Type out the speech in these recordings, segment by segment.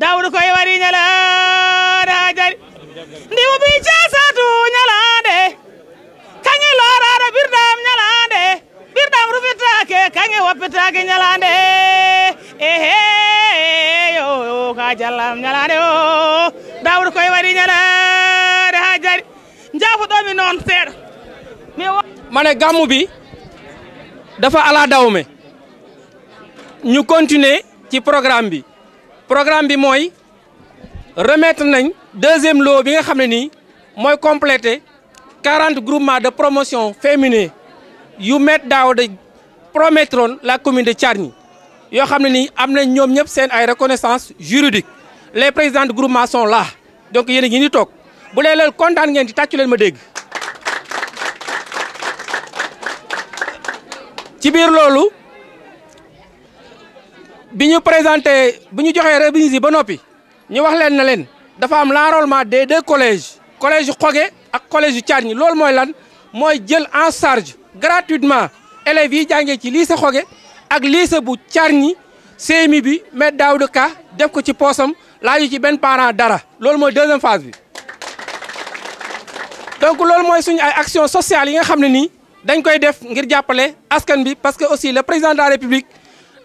dawɗo koye wari ñalaade ha jari ndimo bi de birdam kaŋe loraɗo ɓirɗam ñalaade ɓirɗam rufitake kaŋe woppitake ñalaade eh yo ka jallam ñalaade o dawɗo koye wari ñalaade ha jari jafoɗomi noon seeɗa mane gamu bi dafa ala dawme ñu continuer ci programme bi programme bi remettre nañ deuxième lot bi nga xamné ni groupements de promotion féminin yu met daw de la commune de Tcharni. yo xamné ni am reconnaissance juridique les présidents de groupement sont là donc ils sont là. ni tok bu Ils sont là. ngeen ci là biñu présenté biñu joxé joxee revenus yi ba nopi ñu wax leen na leen dafa am l'enrôlement des deux collèges collège yu ak collège yu lool moy lan moy jël en charge gratuitement élèves yi jàngee ci lycée Xoge ak lycée bu Thiargny CMI bi Me Daouda Ka def ko ci poosam laaju ci ben parent dara lool moy deuxième phase bi donc lool moy suñu ay action sociale yi nga xamné ni dañ koy def ngir jappalé askan bi parce que aussi le président de la république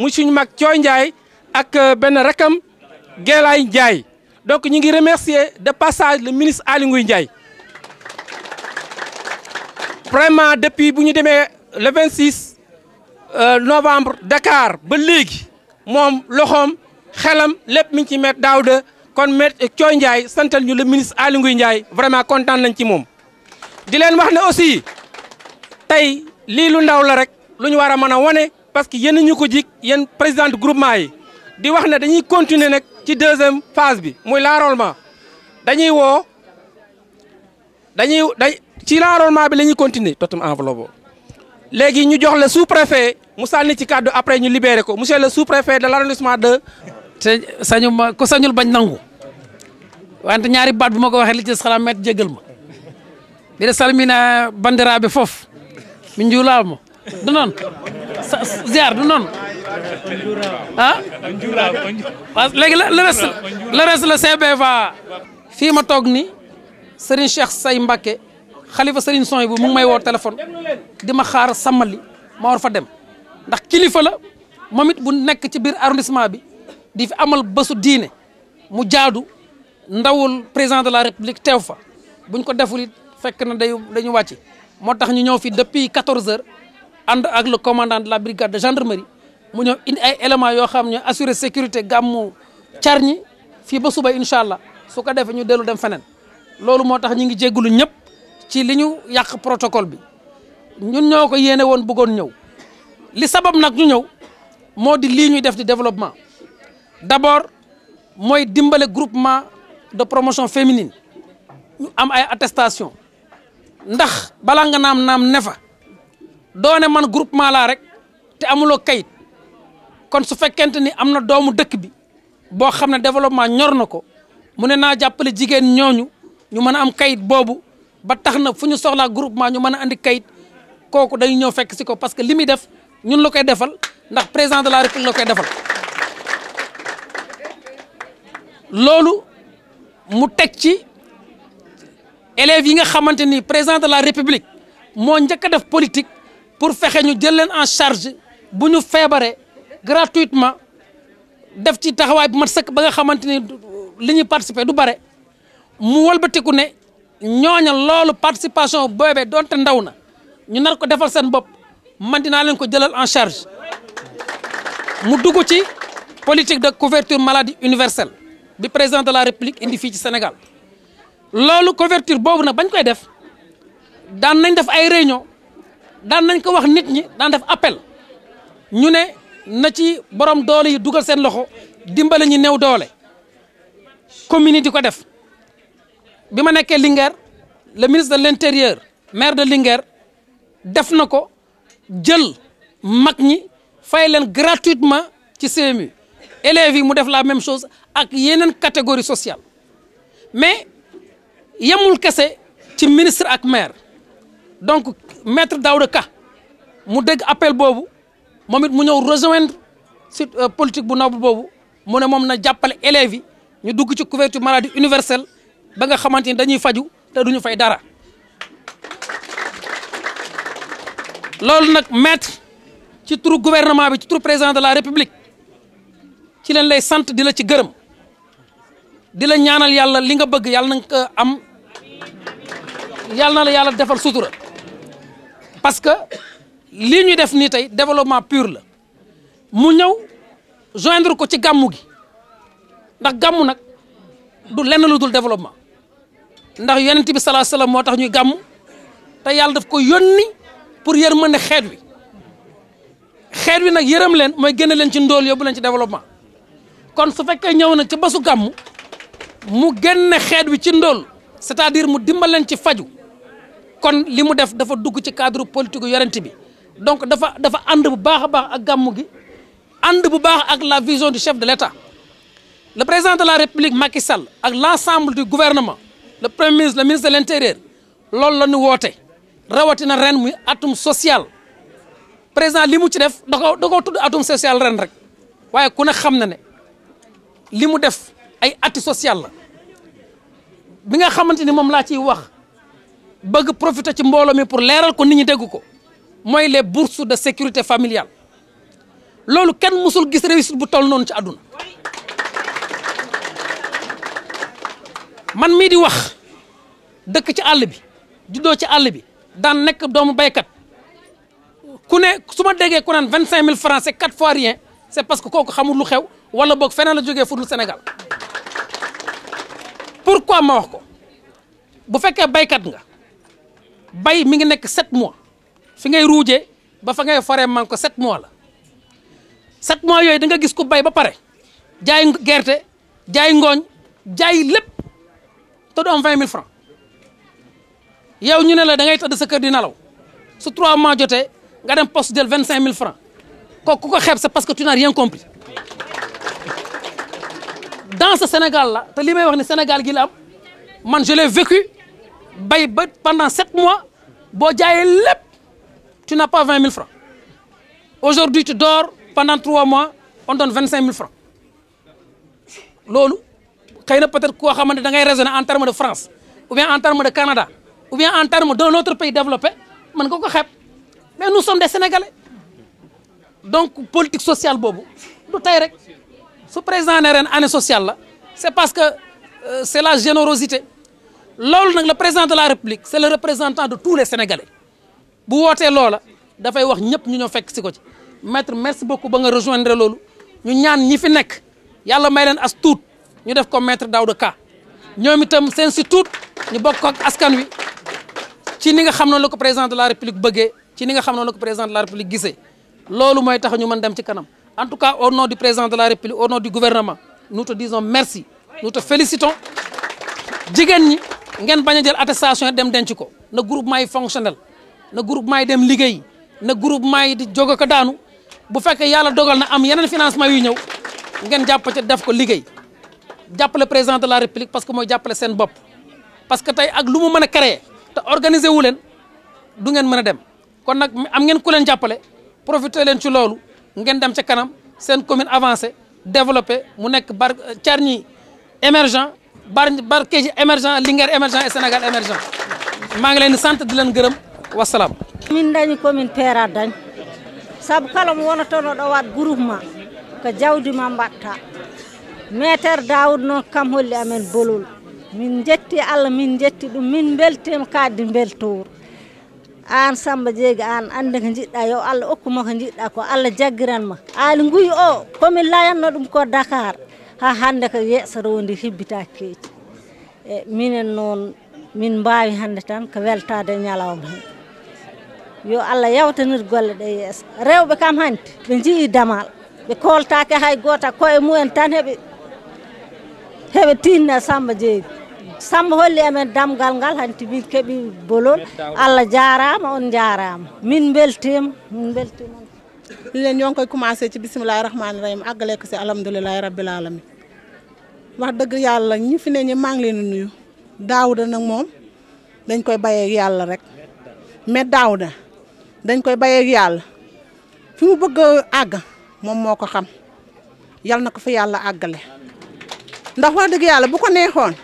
muy suñu mag Cooy Ndiaye ak euh, benn rakam Gélaay Ndiaye donc ñu ngi remercier de passage le ministre Aly Ngouille Ndiaye vraiment depuis bu ñu demee le 26 euh, novembre Dakar ba léegi moom loxoom xelam lépp mi ngi ci mettre daaw de kon met Cooy euh, Ndiaye santal ñu le ministre Aly Ngouille Ndiaye vraiment kontaan nañ ci moom. di leen wax ne aussi tey lii lu ndaw la rek lu ñu war a mën a wane. parce que yéen ñu ko jik yéen président de groupement yi di wax na dañuy continuer nak ci deuxième phase bi moy l'enrôlement dañuy wo dañuy ci l'enrôlement bi lañuy continuer totum enveloppe légui ñu jox le sous préfet mu sànni ci kàddu après ñu libérer ko monsieur le sous préfet de l'arrondissement de. sañu ko sañul bañ nangu wante ñaari baat bu mako waxe li ci xalaat met jégal ma di salmina bandera bi fof mi njuulaa du noonu sa ziar du noonu ah léegi la le reste le reste la CB va fii ma toog ni Serigne Cheikh Say Mbacké xalifa Serigne Son bu mu ngi may woo téléphone di ma xaar samali ma war fa dem ndax kilifa la moom it bu nekk ci biir arrondissement bi di fi amal bésu diine mu jaadu ndawul président de la république teew fa buñ ko deful it fekk na day dañu wàcc moo tax ñu ñëw fi depuis 14 heures ànd ak le commandant de la brigade de gendarmerie mu ñëw indi ay éléments yoo xam ne assurer sécurité gàmmu Carñi fii ba suba incha allah su ko defee ñu dellu dem feneen loolu moo tax ñu ngi jéggulu ñëpp ci li ñu yàq protocole bi ñun ñoo ko yéene woon bëggoon ñëw li sabab nag ñu ñëw moo di lii ñuy def di développement d'abord mooy dimbale groupement de promotion féminine am ay attestation ndax balaa nga naam naam nefa doone man groupement la rek te amuloo kayit kon su fekkente ni am na doomu dëkk bi boo xam ne développement ñor na ko mu ne naa jàppale jigéen ñooñu ñu mën a am kayit boobu ba tax na fu ñu soxlaa groupement ñu mën a andi kayit kooku dañu ñëw fekk si ko parce que li muy def ñun la koy defal ndax président de la république la koy defal loolu mu teg ci élèves yi nga xamante ni président de la république moo njëkk def politique pour fexe ñu jël leen en charge bu ñu feebaree gratuitement def ci taxawaay bu mat sëkk ba nga xamante ni li ñuy participer du bare mu walbatiku ne ñooña loolu participation boobee donte ndaw na ñu nar ko defal seen bopp man dinaa leen ko jëlal en charge mu dugg ci politique de couverture maladie universelle bi président de la république indi fii ci Sénégal loolu couverture boobu nag bañ koy def daan nañ def ay réunion daan nañ ko wax nit ñi daan def appel ñu ne na ci borom doole yi dugal seen loxo dimbale ñi néew doole commune yi di ko def bi ma nekkee Linguère le ministre de l'intérieur maire de Linguère def na ko jël mag ñi fay leen gratuitement ci CMU élèves yi mu def la même chose ak yeneen catégorie sociale mais yemul kese ci ministre ak maire donc maître Daouda Ka mu dëgg appel boobu moom it mu ñëw rejoindre si euh, politique bu noble boobu mu ne moom na jàppale élèves ñu dugg ci couverture maladie universelle ba nga xamante ni dañuy faju te duñu fay dara loolu nag maître ci turu gouvernement bi ci turu président de la république ci leen lay sant di la ci gërëm di la ñaanal yàlla li nga bëgg yàlla na nga am yàlla na la yàlla defal sutura parce que lii ñuy def nii tey développement pur la mu ñëw joindre ko ci gàmmu gi ndax gàmmu nag du lenn lu dul développement ndax yonent bi salaa salaam moo tax ñuy gàmm te yàlla daf ko yónni pour yërmande xeet wi xeet wi nag yërëm leen mooy génne leen ci ndóol yóbbu leen ci développement kon su fekkee ñëw na ca bésu gàmm mu génne xeet wi ci ndóol c'est-à-dire mu dimbal leen ci faju kon li mu def dafa dugg ci cadre politique yorent bi donc dafa dafa ànd bu baax a baax ak gàmmu gi ànd bu baax ak la vision du chef de l'État le président de la République Macky Sall ak l'ensemble du gouvernement le premier ministre le ministre de l'Intérieur loolu la ñu woote rawatina ren muy atum sociale président li mu ci def da ko tudd atum social ren rek waaye ku ne xam na ne li mu def ay atti sociale la bi nga xamante ni moom laa ciy wax bëgg profiter de mon mi pour l'éral ko nit ñi les bourses de sécurité familiale loolu ken musul gis réussite bu toll non ci aduna man mi di wax dekk ci all bi ci all bi daan nek doomu baykat ku ne suma déggé ku francs c'est 4 fois rien c'est parce que koku xamul lu xew wala la Sénégal pourquoi ma wax ko bu bay mi ngi nek 7 mois fi ngay ruujee ba fa ngay faree man ko 7 mois la 7 mois yoy da nga gis ko bay ba paré jaay gerte jaay ngogn jaay lépp te du am 20 000 francs yow ñu ne la da ngay tëdd sa kër di nalaw su 3 mois joté nga dem poste del 25 000 francs ko ku ko c'est parce que tu n'as rien compris dans ce Sénégal la te limay wax ni Sénégal gi la am man je l'ai vécu pendant 7 mois tu n'as pas 20 000 francs aujourd'hui tu dors pendant 3 mois on donne 25 000 francs loolu xëy peut-être que tu da en termes de France ou bien en termes de Canada ou bien en termes d'un autre pays développé mais nous sommes des Sénégalais donc politique sociale c'est ce Ce président est une année sociale c'est parce que euh, c'est la générosité le président de la république c'est le représentant de tous les sénégalais bu vous loola dafay wax ñëpp ñu ñoo fekk si ko ci maître merci beaucoup ba nga rejoindre Nous ñu ñaan ñi fi gens qui may leen as nous ñu def ko maître Daouda Ka ñoom itam seen si tuut ñu bokk ak askan wi ci ni nga xam le président de la république bëggee ci ni nga xam le président de la république gisee loolu mooy tax ñu mën dem ci kanam en tout cas au nom du président de la république au nom du gouvernement nous te disons merci nous te félicitons jigéen ñi. ngeen bañ a jël attestation dem denc ko na groupement yi fonctionnel na groupement yi dem liggéey na groupement yi di jóg ko daanu bu fekkee yàlla dogal na am yeneen financement yu ñëw ngeen jàpp ca def ko liggéey jàppale président de la république parce que mooy jàppale seen bopp. parce que tey ak lu mu mën a créer te organiser wu leen du ngeen mën a dem kon nag am ngeen ku leen jàppale profiter leen ci loolu ngeen dem ca kanam seen commune avancée développé mu nekk bar Bargny émergent. bar barke émergent Linguère émergent et Sénégal émergent maa ngi leen di sant di leen gërëm wasalaam min dañi komin peerat dañ sabu kala mo wonatono ɗo waɗ groupement ko jawdi ma mbatta métere dawoud noon kam holli amen bolol min jetti allah min jetti ɗum min beltima kaddi beltour. an samba jeegi an ande ko jiɗɗa yo allah hokkuma ko jiɗɗa ko allah jaggiranma aali nguyi o komin layanno ɗum ko dakar ha hande ko yeesa rondi hibbitake keeci e minen noon min mbawi hande tan ko weltade ñalawma he yo allah yawtanir golle ɗe yeesa rewɓe kam hanti ɓe jii damal ɓe koltake hay goota koye mumen tan heɓe heɓe tinne samba jeeyi samba holli amen damgal ngal hanti min keeɓi bolol allah jarama on jarama min beltima min beltima ɗin len yonkoye commencé ci bisimillahi rahmani rahim aggale ko si alhamdoulillahi rabbil alamin wax dëgg yàlla ñi fi ne ñi maa ngi leen nuyu daawuda nag moom dañ koy bayeeg yàlla rek mais daawuda dañ koy bayeeg yàlla fi mu bëgg a àgg moom moo ko xam yal na ko fi yàlla àggale ndax wax dëgg yàlla bu ko neexoon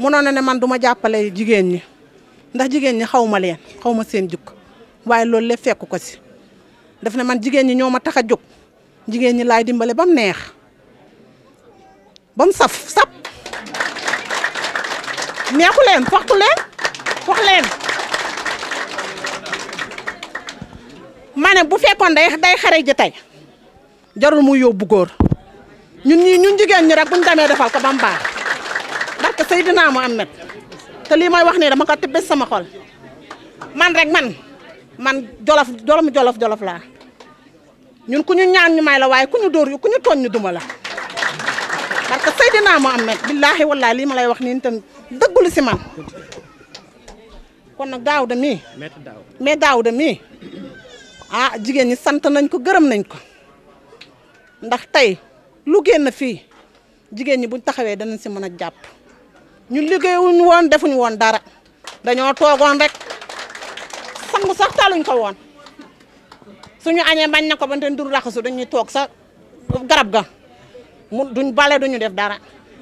mënoon na ne man duma jàppale jigéen ñi ndax jigéen ñi xawma ma leen xaw ma seen jukk waaye loolu lépp fekk ko si daf ne man jigéen ñi ñoo ma tax a jóg jigéen ñi laay dimbale ba neex Bonsaf, saf sap neexu len waxtu len wax len mané bu fekkon day day xaré ji tay jarul mu yobbu gor ñun ñi ñun jigen ñi rek buñu demee defal ko bam baax barke sayyidina Muhammad te li may wax dama ko sama xol man rek man man jolof jolom jolof jolof la ñun ku ñu ñaan ñu may la waaye ku ñu yu ku ñu togn ñu duma la parce que Seydina Mohamed billaahi wallaahi lii ma lay wax nii tam dëggul si man kon nag daaw da mii mais daaw da mii ah jigéen ñi sant nañ ko gërëm nañ ko ndax tey lu génn fii jigéen ñi buñ taxawee danañ si mën a jàpp ñun liggéeyuñ woon defuñ woon dara dañoo toogoon rek sangu sax taluñ ko woon suñu añee bañ na ko ba te ndur raxasu dañuy toog sa garab ga mudun duñ bale duñu def dara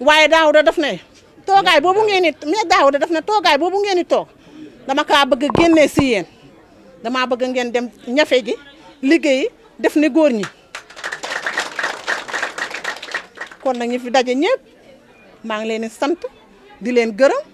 waye daawu daf ne togaay bobu ngeen it mi daawu daf ne togaay bobu ngeen di tok dama ka bëgg génné ci yeen dama bëgg ngeen dem ñafé gi liggéey def né goor ñi kon nag ñi fi dajé ñepp ma ngi leen sante di leen gëreum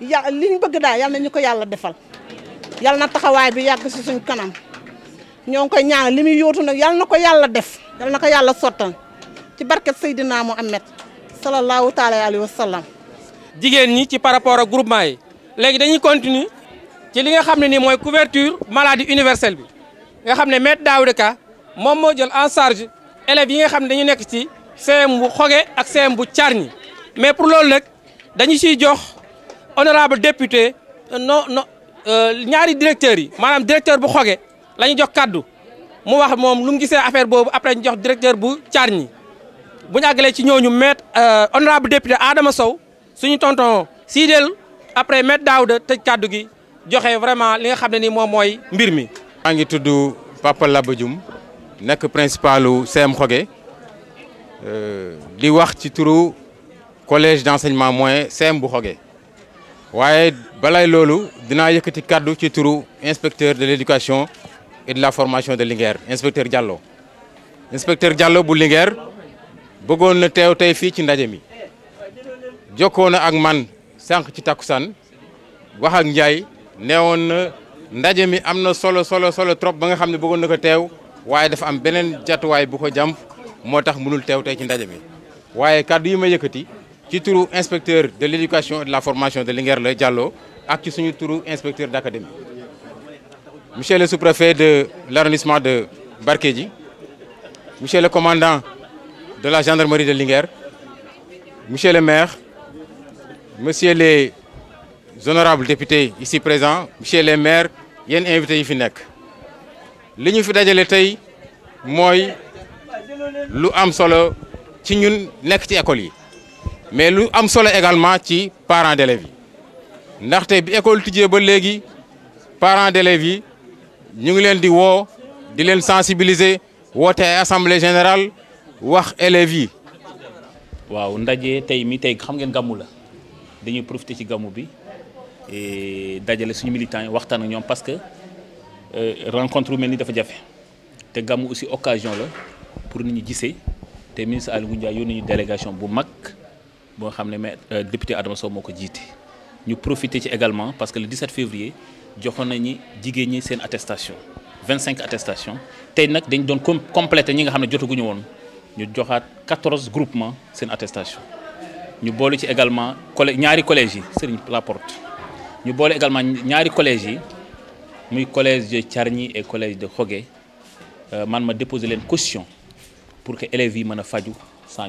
ya li bëgg da yalla ñu ko yalla defal yalla na taxaway bi yag ci suñu kanam ñong koy ñaan limi muy yóotu nag yal na def yalla nako yalla sotal ci barkat Seydina Muhammad sallallahu taala alayhi wa sallam. jigéen ni ci par rapport au groupement yi léegi dañuy continuer ci li nga xamné ni moy couverture maladie universelle bi nga xamné ne maître Daouda Ka mom mo jël en charge élèves yi nga xamné dañuy nek ci CM bu xogé ak CM bu Carñi mais pour lolu nag dañuy ci jox honorable député non non euh, ñaari directeur, yi manam directeur bu xogé lañu jox cadeau mu wax mom lu mu gisee affaire bobu après ñu jox directeur bu charni bu ñu àggalee ci ñooñu maître euh, honorable député Adama Sow suñu tonton Sidel après met Daouda tëj kàddu gi joxe vraiment li nga xam ni mo mooy mbir mi. maa ngi Papa Laba Dioum nekk principalu CM Xoge euh, di wax ci turu collège d'enseignement moyen CM bu Xoge balay lolo. dina yëkkati kàddu ci turu inspecteur de l'éducation et de la formation de Linguère inspecteur Diallo inspecteur Diallo bu bëggoon na teew tey fii ci ndaje mi jokkoo na ak man sànq ci takusan wax ak Ndiaye neewoon na ndaje mi am na solo solo solo trop ba nga xam ne bëggoon na ko teew waaye dafa am beneen jatuwaay bu ko jàmp moo tax mënul teew tey ci ndaje mi waaye kàddu yi ma yëkkati ci turu inspecteur de l'éducation et de la formation de Linguère la Diallo ak ci suñu turu inspecteur d'académie monsieur le sous-préfet de l'arrondissement de Barkédji monsieur le commandant de la gendarmerie de Linger, monsieur le maire, monsieur les honorables députés ici présents, monsieur le maire, yéen invités yi fi nekk li ñu fi dajalé tay moy lu am solo ci ñun nek ci école yi mais lu am solo également ci parents d'élèves yi ndaxte bi école tijé ba légui parents d'élèves yi ñu ngi leen di wo di leen sensibiliser woté assemblée générale wax élèves yi. waaw ndaje tay mi tay xam ngeen gàmmu la dañuy profiter ci gàmmu bi dajale suñu militants yi waxtaan ak parce que euh, rencontre bu mel dafa jafé té gamou aussi occasion la pour nit ñi gissé té ministre Aly Ngouille Ndiaye ñu délégation bu mag bo xamné euh, député Adama Sow moko ko ñu profiter ci également parce que le 17 février joxoon nañu jigéen ñi seen attestation 25 attestation tay nak dañ doon compléter ñi nga xamné ne guñu won nous avons 14 groupement une attestation Nous avons également des collèges yi la porte. Nous avons également des collèges yi collège de Thiarny et collège de Hoge euh, man ma déposé une caution pour que élèves yi ça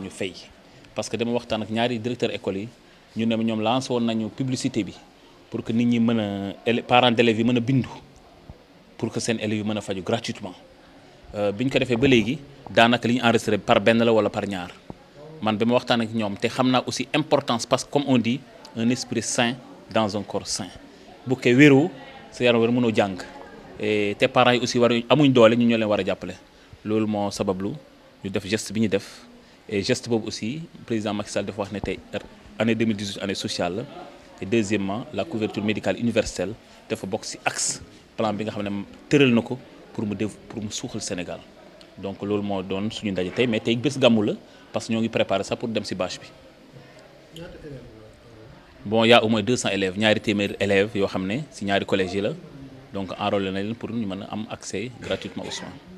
parce que dama avons ak directeur école nous ñu lancé une publicité pour que les parents d'élèves yi pour que l'élève élèves yi gratuitement euh, biñ ko defee ba légui danaka liñ ñu enregistré par benn la wala par ñaar man bima ma ak ñom té xamna aussi importance parce que comme on dit un esprit sain dans un corps sain bu ké wéeroo sa yaram war mënoo et té parents aussi war amuñ doole ñu ñoo wara jappalé lool mo loolu sabablu ñu def geste biñu def et geste boobu aussi président Macky Sall def wax né tey année 2018 année sociale et deuxièmement la couverture médicale universelle dafa bokk ci axe plan bi nga xamné ne nako pour mu def pour mu suuxal Sénégal donc loolu moo donne suñu ndaje tay mais tay bés gàmmu la parce que ñoo ngi préparé sax pour dem ci bâche bi. bon il y' a au moins 200 élèves ñaari téeméeri élèves yo xamné ci ñaari collège yi la donc enrôlé na pour ñu mëna am accès gratuitement aux soins.